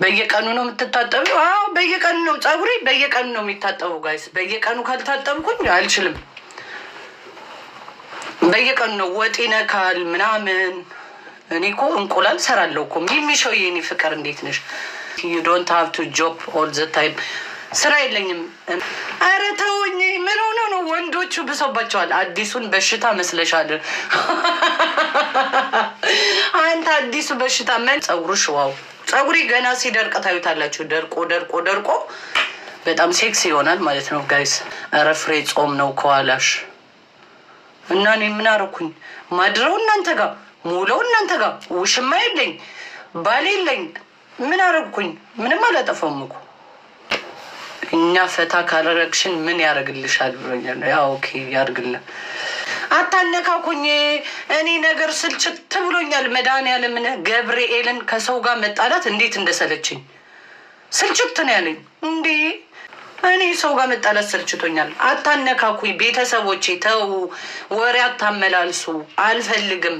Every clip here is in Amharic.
በየቀኑ ነው የምትታጠቢው? አዎ በየቀኑ ነው። ፀጉሬ በየቀኑ ነው የሚታጠበው ጋይስ። በየቀኑ ካልታጠብኩኝ አልችልም። በየቀኑ ነው። ወጥ ይነካል ምናምን። እኔ እኮ እንቁላል ሰራለሁ እኮ የሚሸው። የኔ ፍቅር እንዴት ነሽ? ዩ ዶንት ሃቭ ቱ ጆብ ኦል ዘ ታይም። ስራ የለኝም። ኧረ ተውኝ። ምን ሆነ ነው? ወንዶቹ ብሰባቸዋል። አዲሱን በሽታ መስለሻል አንተ። አዲሱ በሽታ መን ፀጉርሽ ሽዋው ፀጉሬ ገና ሲደርቅ ታዩታላችሁ። ደርቆ ደርቆ ደርቆ በጣም ሴክስ ይሆናል ማለት ነው ጋይስ። ኧረ ፍሬ ጾም ነው ከኋላሽ እና እኔ ምን አረኩኝ? ማድረው እናንተ ጋር ሙለው እናንተ ጋር ውሽማ የለኝ ባሌ የለኝ። ምን አረግኩኝ? ምንም አላጠፋውም እኮ እኛ ፈታ ካላረግሽን ምን ያደርግልሻል ብሎኛል። ኦኬ ያርግልን። አታነካኩኝ። እኔ ነገር ስልችት ብሎኛል። መድኃኒዓለምን ገብርኤልን ከሰው ጋር መጣላት እንዴት እንደሰለችኝ ስልችት ነው ያለኝ። እንዴ እኔ ሰው ጋር መጣላት ሰልችቶኛል። አታነካኩኝ። ቤተሰቦቼ ተው፣ ወሬ አታመላልሱ። አልፈልግም።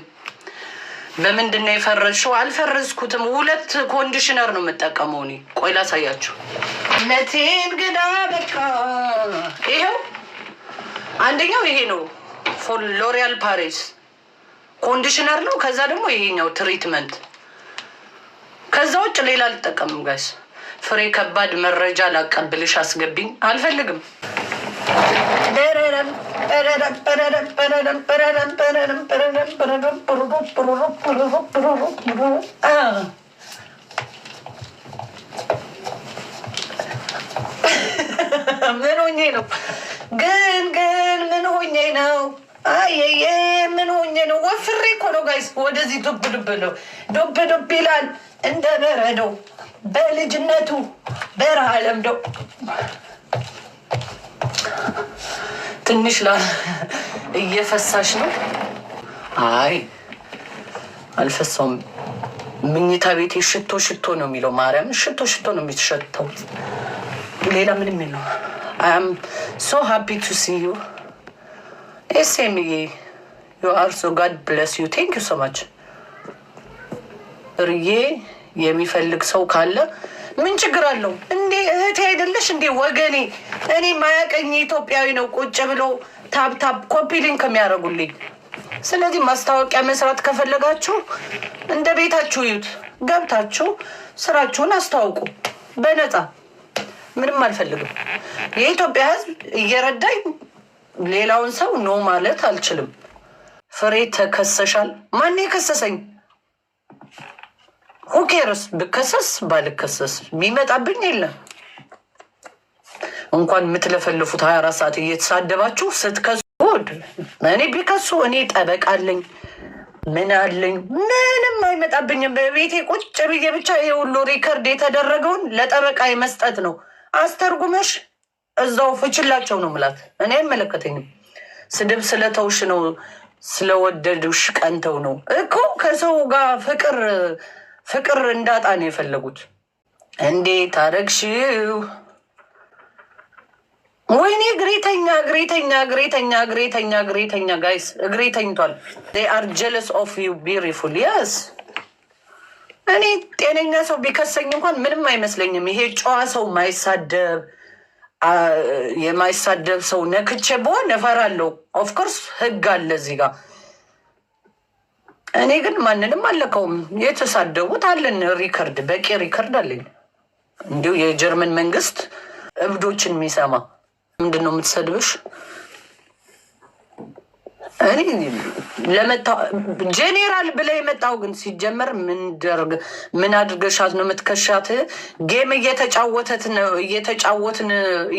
በምንድን ነው የፈረሽው? አልፈረዝኩትም። ሁለት ኮንዲሽነር ነው የምጠቀመው እኔ። ቆይ ላሳያችሁ። ነቴን ግዳ በቃ ይኸው አንደኛው ይሄ ነው። ሎሪያል ፓሪስ ኮንዲሽነር ነው። ከዛ ደግሞ ይሄኛው ትሪትመንት። ከዛ ውጭ ሌላ አልጠቀምም ጋይስ። ፍሬ ከባድ መረጃ ላቀብልሽ አስገቢኝ። አልፈልግም። ምን ሆኜ ነው ግን ግን ሆኜ ነው ምን ሆኜ ነው? ወፍሬ እኮ ነው ጋይስ። ወደዚህ ዱብ ዱብ ነው ዱብ ዱብ ይላል እንደ በረዶ በልጅነቱ በረሃ ለምደው ትንሽ ላ እየፈሳሽ ነው። አይ አልፈሳውም። ምኝታ ቤቴ ሽቶ ሽቶ ነው የሚለው ማርያም፣ ሽቶ ሽቶ ነው የሚሸተው። ሌላ ምንም የለው። አም ሶ ቱ ሲ ዩ ኤስኤምዬ ዩ አር ሶ ጋድ ብለስ ዩ ቴንክ ዩ ሶ ማች ርዬ የሚፈልግ ሰው ካለ ምን ችግር አለው እንዴ? እህቴ አይደለሽ እንዴ? ወገኔ እኔ ማያቀኝ ኢትዮጵያዊ ነው ቁጭ ብሎ ታብታብ ኮፒሊን ከሚያደርጉልኝ። ስለዚህ ማስታወቂያ መስራት ከፈለጋችሁ እንደ ቤታችሁ ይዩት፣ ገብታችሁ ስራችሁን አስተዋውቁ በነፃ ምንም አልፈልግም። የኢትዮጵያ ሕዝብ እየረዳኝ ሌላውን ሰው ኖ ማለት አልችልም። ፍሬ ተከሰሻል። ማን የከሰሰኝ? ሁኬርስ ብከሰስ ባልከሰስ የሚመጣብኝ የለም። እንኳን የምትለፈልፉት ሀያ አራት ሰዓት እየተሳደባችሁ ስትከሱ ወድ እኔ ቢከሱ እኔ ጠበቃለኝ ምን አለኝ? ምንም አይመጣብኝም። በቤቴ ቁጭ ብዬ ብቻ የሁሉ ሪከርድ የተደረገውን ለጠበቃ መስጠት ነው። አስተርጉመሽ እዛው ፍችላቸው ነው ምላት። እኔ አይመለከተኝም። ስድብ ስለተውሽ ነው ስለወደዱሽ ቀንተው ነው እኮ ከሰው ጋር ፍቅር ፍቅር እንዳጣ ነው የፈለጉት። እንዴት አረግሽው? ወይኔ እግሬተኛ እግሬተኛ እግሬተኛ እግሬተኛ እግሬተኛ ጋይስ እግሬተኝቷል። ተኝቷል። አር ጀለስ ኦፍ ዩ ቢሪፉል የስ እኔ ጤነኛ ሰው ቢከሰኝ እንኳን ምንም አይመስለኝም። ይሄ ጨዋ ሰው ማይሳደብ የማይሳደብ ሰው ነክቼ በሆን እፈራለሁ። ኦፍኮርስ ህግ አለ እዚህ ጋር። እኔ ግን ማንንም አለከውም። የተሳደቡት አለን ሪከርድ፣ በቂ ሪከርድ አለኝ። እንዲሁ የጀርመን መንግስት እብዶችን የሚሰማ ምንድን ነው የምትሰድብሽ ጄኔራል ብለ የመጣው ግን ሲጀመር ምን አድርገሻት ነው የምትከሻት? ጌም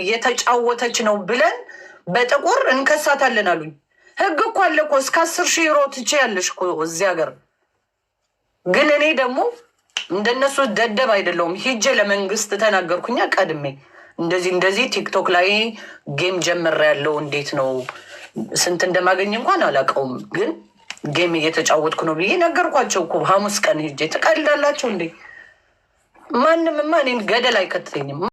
እየተጫወተች ነው ብለን በጥቁር እንከሳታለን አሉኝ። ህግ እኮ አለ እኮ እስከ አስር ሺህ ሮ ትቼ ያለሽ እኮ እዚህ ሀገር። ግን እኔ ደግሞ እንደነሱ ደደብ አይደለውም። ሂጄ ለመንግስት ተናገርኩኛ ቀድሜ እንደዚህ እንደዚህ ቲክቶክ ላይ ጌም ጀምሬያለሁ እንዴት ነው ስንት እንደማገኝ እንኳን አላውቀውም፣ ግን ጌም እየተጫወትኩ ነው ብዬ ነገርኳቸው እኮ ሐሙስ ቀን ሄጄ። ትቀልዳላችሁ እንዴ? ማንም እኔን ገደል አይከተኝም።